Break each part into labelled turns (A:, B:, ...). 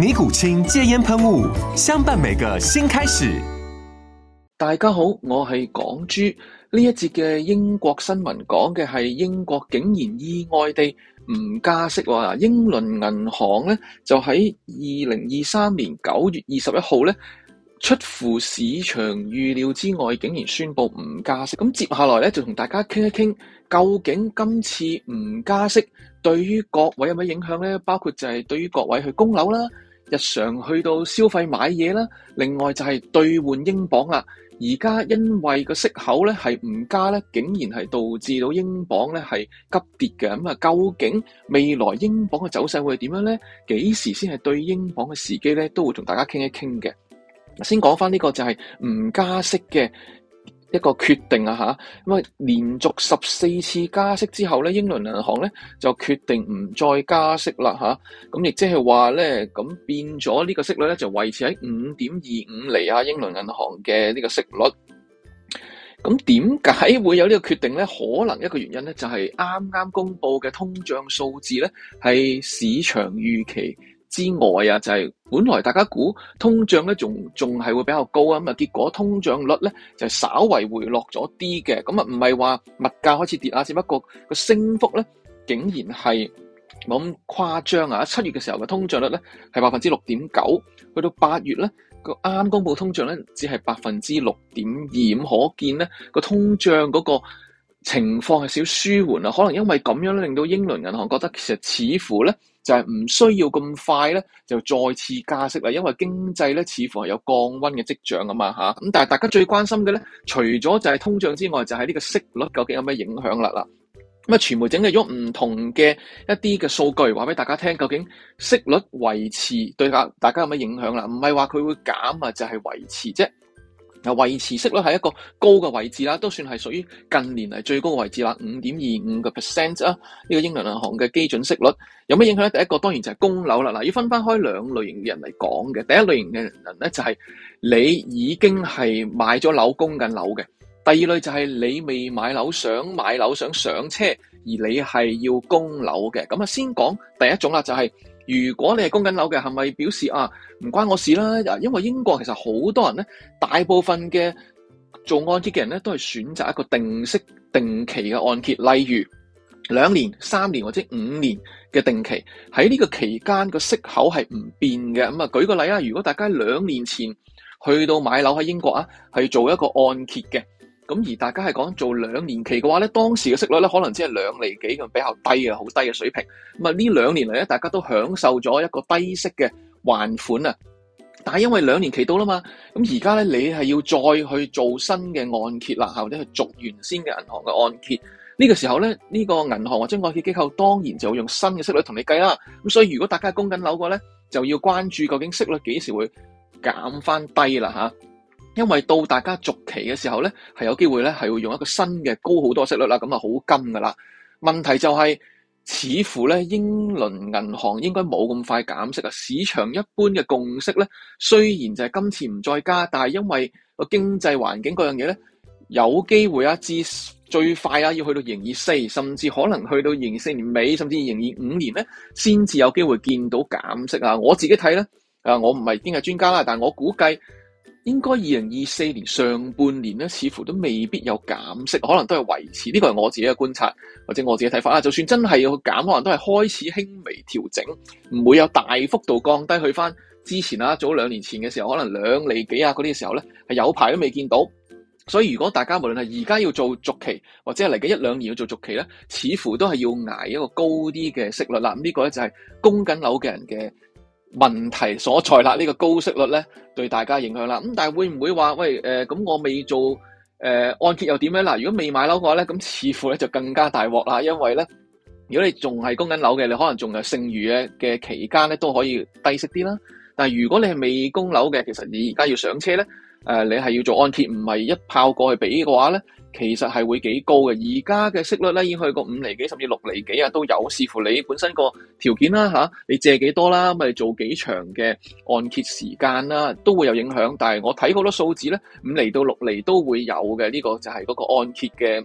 A: 尼古清戒煙噴霧，相伴每個新開始。大家好，我係港豬。呢一節嘅英國新聞講嘅係英國竟然意外地唔加息。嗱，英倫銀行咧就喺二零二三年九月二十一號咧，出乎市場預料之外，竟然宣布唔加息。咁接下來咧就同大家傾一傾，究竟今次唔加息對於各位有咩影響咧？包括就係對於各位去供樓啦。日常去到消費買嘢啦，另外就係兌換英鎊啦。而家因為個息口咧係唔加咧，竟然係導致到英鎊咧係急跌嘅。咁啊，究竟未來英鎊嘅走勢會係點樣咧？幾時先係對英鎊嘅時機咧，都會同大家傾一傾嘅。先講返呢個就係唔加息嘅。一個決定啊嚇，因為連續十四次加息之後咧，英倫銀行咧就決定唔再加息啦嚇，咁亦即係話咧，咁變咗呢個息率咧就維持喺五點二五厘啊，英倫銀行嘅呢個息率。咁點解會有呢個決定咧？可能一個原因咧就係啱啱公佈嘅通脹數字咧係市場預期之外啊，就係本來大家估通脹咧，仲仲係會比較高啊，咁啊結果通脹率咧就稍為回落咗啲嘅，咁啊唔係話物價開始跌啊，只不過個升幅咧竟然係冇咁誇張啊！七月嘅時候嘅通脹率咧，係百分之六點九，去到八月咧，個啱公布通脹咧只係百分之六點二，可見咧，個通脹嗰個情況係少舒緩啊，可能因為咁樣令到英倫銀行覺得其實似乎咧。就係唔需要咁快咧，就再次加息啦，因為經濟咧似乎係有降溫嘅跡象啊嘛嚇。咁但係大家最關心嘅咧，除咗就係通脹之外，就係呢個息率究竟有咩影響啦？嗱，咁啊，傳媒整理咗唔同嘅一啲嘅數據，話俾大家聽，究竟息率維持對大家有咩影響啦？唔係話佢會減啊，就係維持啫。嗱，維持息率係一個高嘅位置啦，都算係屬於近年係最高嘅位置啦，五點二五個 percent 啊，呢個英倫銀行嘅基準息率有咩影響咧？第一個當然就係供樓啦，嗱要分翻開兩類型嘅人嚟講嘅，第一類型嘅人咧就係你已經係買咗樓供緊樓嘅，第二類就係你未買樓想買樓想上車，而你係要供樓嘅，咁啊先講第一種啦，就係。如果你係供緊樓嘅，係咪表示啊唔關我事啦？因為英國其實好多人咧，大部分嘅做按揭嘅人咧，都係選擇一個定息、定期嘅按揭，例如兩年、三年或者五年嘅定期。喺呢個期間個息口係唔變嘅。咁啊，舉個例啊，如果大家兩年前去到買樓喺英國啊，係做一個按揭嘅。咁而大家係講做兩年期嘅話咧，當時嘅息率咧可能只係兩厘幾咁比較低嘅，好低嘅水平。咁啊呢兩年嚟咧，大家都享受咗一個低息嘅還款啊。但係因為兩年期到啦嘛，咁而家咧，你係要再去做新嘅按揭啦，或者去續原先嘅銀行嘅按揭。呢個時候咧，呢個銀行或者按揭機構當然就會用新嘅息率同你計啦。咁所以如果大家供緊樓嘅咧，就要關注究竟息率幾時會減翻低啦吓。因為到大家續期嘅時候咧，係有機會咧，係會用一個新嘅高好多息率啦，咁啊好金噶啦。問題就係，似乎咧英倫銀行應該冇咁快減息啊。市場一般嘅共識咧，雖然就係今次唔再加，但係因為個經濟環境嗰樣嘢咧，有機會啊至最快啊要去到二零二四，甚至可能去到二零二四年尾，甚至二零二五年咧，先至有機會見到減息啊。我自己睇咧，啊我唔係經濟專家啦，但係我估計。應該二零二四年上半年咧，似乎都未必有減息，可能都係維持。呢個係我自己嘅觀察，或者我自己嘅睇法啊。就算真係要減，可能都係開始輕微調整，唔會有大幅度降低去翻之前啊，早兩年前嘅時候，可能兩厘幾啊嗰啲嘅時候咧，係有排都未見到。所以如果大家無論係而家要做續期，或者係嚟緊一兩年要做續期咧，似乎都係要捱一個高啲嘅息率啦。咁、這、呢個咧就係供緊樓嘅人嘅問題所在啦呢、呢個高息率咧，對大家影響啦。咁但係會唔會話喂咁、呃、我未做誒、呃、按揭又點樣咧？嗱，如果未買樓嘅咧，咁似乎咧就更加大鑊啦。因為咧，如果你仲係供緊樓嘅，你可能仲有剩餘嘅嘅期間咧都可以低息啲啦。但係如果你係未供樓嘅，其實你而家要上車咧。誒、呃，你係要做按揭，唔係一炮過去俾嘅話咧，其實係會幾高嘅。而家嘅息率咧，已經去過五厘幾，甚至六厘幾啊，都有。視乎你本身個條件啦，吓、啊，你借幾多啦，咪做幾長嘅按揭時間啦，都會有影響。但係我睇好多數字咧，五厘到六厘都會有嘅。呢、這個就係嗰個按揭嘅。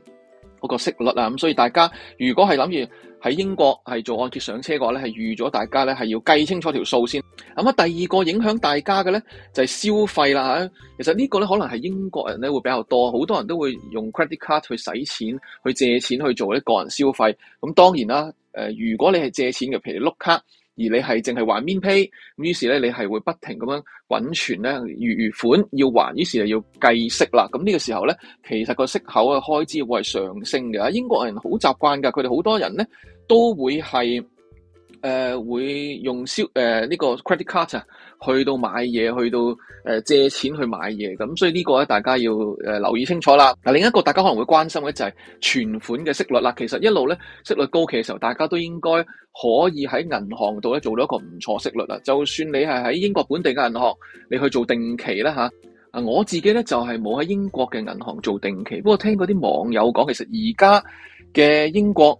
A: 那個息率啊，咁、嗯、所以大家如果係諗住喺英國係做按揭上車嘅話咧，係預咗大家咧係要計清楚條數先。咁、嗯、啊，第二個影響大家嘅咧就係、是、消費啦吓。其實這個呢個咧可能係英國人咧會比較多，好多人都會用 credit card 去使錢、去借錢去做一個人消費。咁、嗯、當然啦，誒、呃，如果你係借錢嘅，譬如碌卡。而你係淨係還 min pay 咁，於是咧你係會不停咁樣滾存咧，餘餘款要還，於是又要計息啦。咁呢個時候咧，其實個息口嘅開支會係上升嘅。英國人好習慣㗎，佢哋好多人咧都會係。誒、呃、會用消呢、呃這個 credit card 去到買嘢，去到、呃、借錢去買嘢，咁所以呢個咧大家要、呃、留意清楚啦。嗱，另一個大家可能會關心嘅就係存款嘅息率啦。其實一路咧息率高企嘅時候，大家都應該可以喺銀行度咧做到一個唔錯息率啦。就算你係喺英國本地嘅銀行，你去做定期啦吓啊，我自己咧就係冇喺英國嘅銀行做定期，不過聽嗰啲網友講，其實而家嘅英國。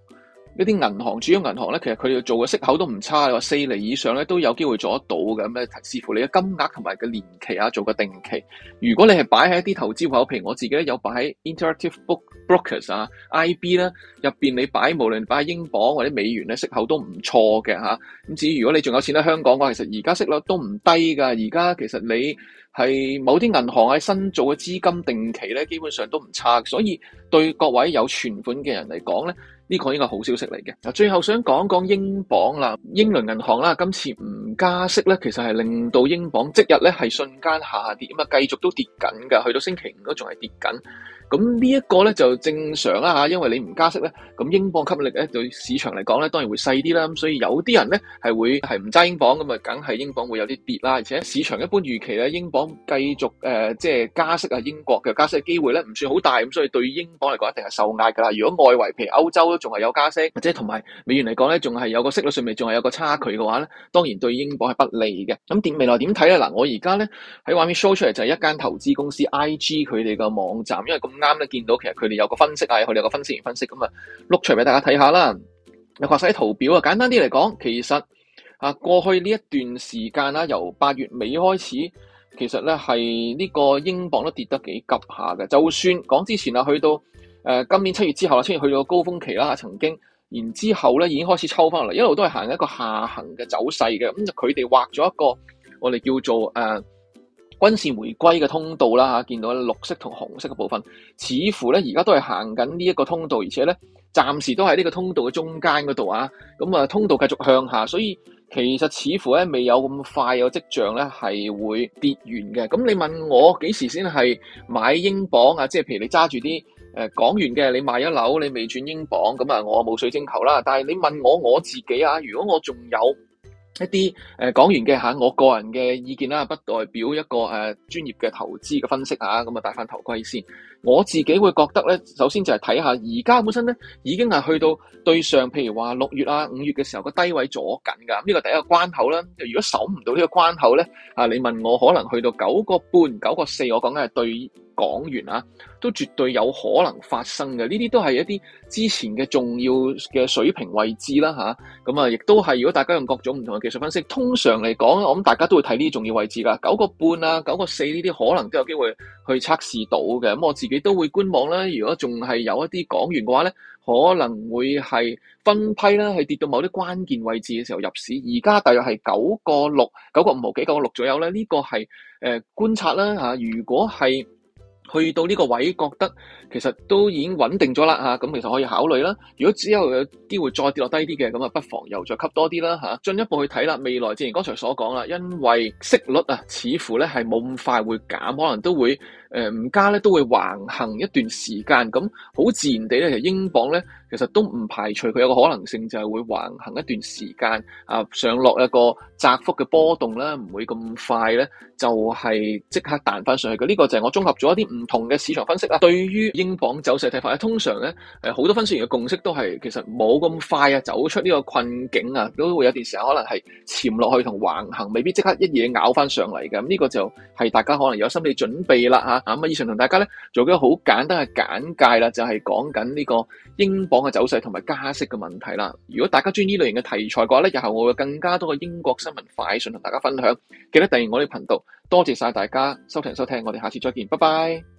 A: 一啲銀行，主要銀行咧，其實佢哋做嘅息口都唔差嘅，四厘以上咧都有機會做得到嘅。咁視乎你嘅金額同埋個年期啊，做個定期。如果你係擺喺一啲投資戶口，譬如我自己呢有擺喺 Interactive Book Brokers 啊 IB 啦，入邊你擺無論擺喺英鎊或者美元咧，息口都唔錯嘅吓，咁、啊、至於如果你仲有錢喺香港嘅話，其實而家息率都唔低㗎。而家其實你係某啲銀行喺新做嘅資金定期咧，基本上都唔差。所以對各位有存款嘅人嚟講咧。呢個應該好消息嚟嘅。嗱，最後想講講英鎊啦，英倫銀行啦，今次唔加息咧，其實係令到英鎊即日咧係瞬間下跌，咁啊繼續都跌緊㗎，去到星期五都仲係跌緊。咁呢一個咧就正常啦嚇，因為你唔加息咧，咁英鎊吸引力咧對市場嚟講咧當然會細啲啦。咁所以有啲人咧係會係唔揸英鎊咁啊，梗係英鎊會有啲跌啦。而且市場一般預期咧，英鎊繼續誒即係加息啊，英國嘅加息嘅機會咧唔算好大，咁所以對英鎊嚟講一定係受壓㗎啦。如果外圍譬如歐洲都仲係有加息，或者同埋美元嚟講咧，仲係有個息率上面仲係有個差距嘅話咧，當然對英鎊係不利嘅。咁點未來點睇咧？嗱，我而家咧喺畫面 show 出嚟就係一間投資公司 IG 佢哋嘅網站，因為咁。啱咧，見到其實佢哋有個分析啊，佢哋有個分析員分析咁啊，攞出嚟俾大家睇下啦。又畫晒啲圖表啊，簡單啲嚟講，其實啊，過去呢一段時間啦，由八月尾開始，其實咧係呢個英鎊都跌得幾急下嘅。就算講之前啊，去到誒、呃、今年七月之後啊，七月去到高峰期啦嚇，曾經，然之後咧已經開始抽翻落嚟，一路都係行一個下行嘅走勢嘅。咁就佢哋畫咗一個我哋叫做誒。呃軍事回歸嘅通道啦嚇，見到咧綠色同紅色嘅部分，似乎咧而家都係行緊呢一個通道，而且咧暫時都喺呢個通道嘅中間嗰度啊。咁啊，通道繼續向下，所以其實似乎咧未有咁快有跡象咧係會跌完嘅。咁你問我幾時先係買英鎊啊？即係譬如你揸住啲誒港元嘅，你買咗樓你未轉英鎊，咁啊我冇水晶球啦。但係你問我我自己啊，如果我仲有一啲誒講完嘅下，我個人嘅意見啦，不代表一個誒專、呃、業嘅投資嘅分析嚇，咁啊戴翻頭盔先。我自己會覺得咧，首先就係睇下而家本身咧已經係去到對上，譬如話六月啊、五月嘅時候個低位阻緊㗎，呢、嗯這個第一個關口啦。如果守唔到呢個關口咧，啊你問我可能去到九個半、九個四，我講緊係對，港元啊，都絕對有可能發生嘅。呢啲都係一啲之前嘅重要嘅水平位置啦，吓，咁啊，亦、啊啊、都係如果大家用各種唔同嘅技術分析，通常嚟講，我諗大家都會睇呢啲重要位置噶。九個半啊，九個四呢啲可能都有機會去測試到嘅。咁、啊、我自己都會觀望啦、啊。如果仲係有一啲港元嘅話咧，可能會係分批啦，係跌到某啲關鍵位置嘅時候入市。而家大約係九個六、九個五毫幾九個六左右咧，呢、這個係誒、呃、觀察啦、啊、吓、啊，如果係。去到呢個位，覺得其實都已經穩定咗啦嚇，咁其實可以考慮啦。如果之後有機會再跌落低啲嘅，咁啊不妨又再吸多啲啦嚇。進一步去睇啦，未來正如剛才所講啦，因為息率啊，似乎咧係冇咁快會減，可能都會。誒、呃、唔加咧，都會橫行一段時間，咁好自然地咧，其實英鎊咧，其實都唔排除佢有個可能性就係會橫行一段時間，啊上落一個窄幅嘅波動啦，唔會咁快咧，就係、是、即刻彈翻上去嘅。呢、這個就係我綜合咗一啲唔同嘅市場分析啦。對於英鎊走勢睇法，通常咧好、呃、多分析員嘅共識都係其實冇咁快啊走出呢個困境啊，都會有段時間可能係潛落去同橫行，未必即刻一嘢咬翻上嚟嘅。咁、嗯、呢、這個就係大家可能有心理準備啦嚇。啊咁以上同大家咧做啲好簡單嘅簡介啦，就係講緊呢個英鎊嘅走勢同埋加息嘅問題啦。如果大家中意呢類型嘅題材嘅話咧，日後我會更加多嘅英國新聞快訊同大家分享。記得訂閱我哋頻道，多謝晒大家收聽收聽，我哋下次再見，拜拜。